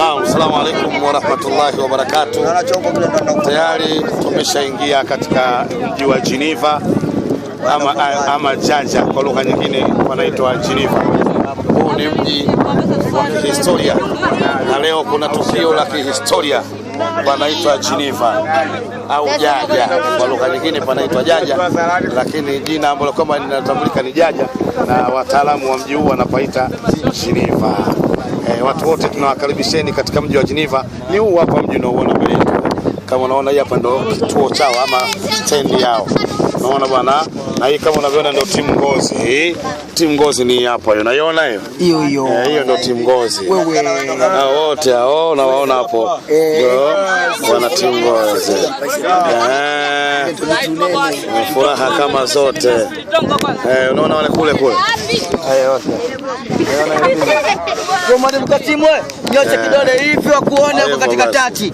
Naam, wa alaikum warahmatullahi wabarakatuh. Tayari tumeshaingia katika mji wa Geneva ama, ama Janja kwa lugha nyingine wanaitwa Geneva. Huu ni mji wa kihistoria na leo kuna tukio la kihistoria panaitwa Geneva au Jaja kwa lugha nyingine panaitwa Jaja, lakini jina ambalo kama linatambulika ni Jaja, na wataalamu wa mji huu wanapaita Geneva. Eh, watu wote tunawakaribisheni katika mji wa Geneva. Ni huu hapa mji unaoona mbele yetu, kama unaona hapa ndo kituo chao ama stendi yao. Unaona bwana, na hii kama unavyoona ndio timu Ngozi. Hii timu Ngozi ni hapa hiyo. Unaiona hiyo? Hiyo hiyo. Eh, hiyo ndio timu Ngozi. Wewe na wote hao unawaona hapo. Eh. Ndio wana timu Ngozi. Eh. Furaha kama zote. Eh, unaona wale kule kule. Hayo yote. Kwa timu wewe, nyosha eh. kidole hivyo akuone katika tati.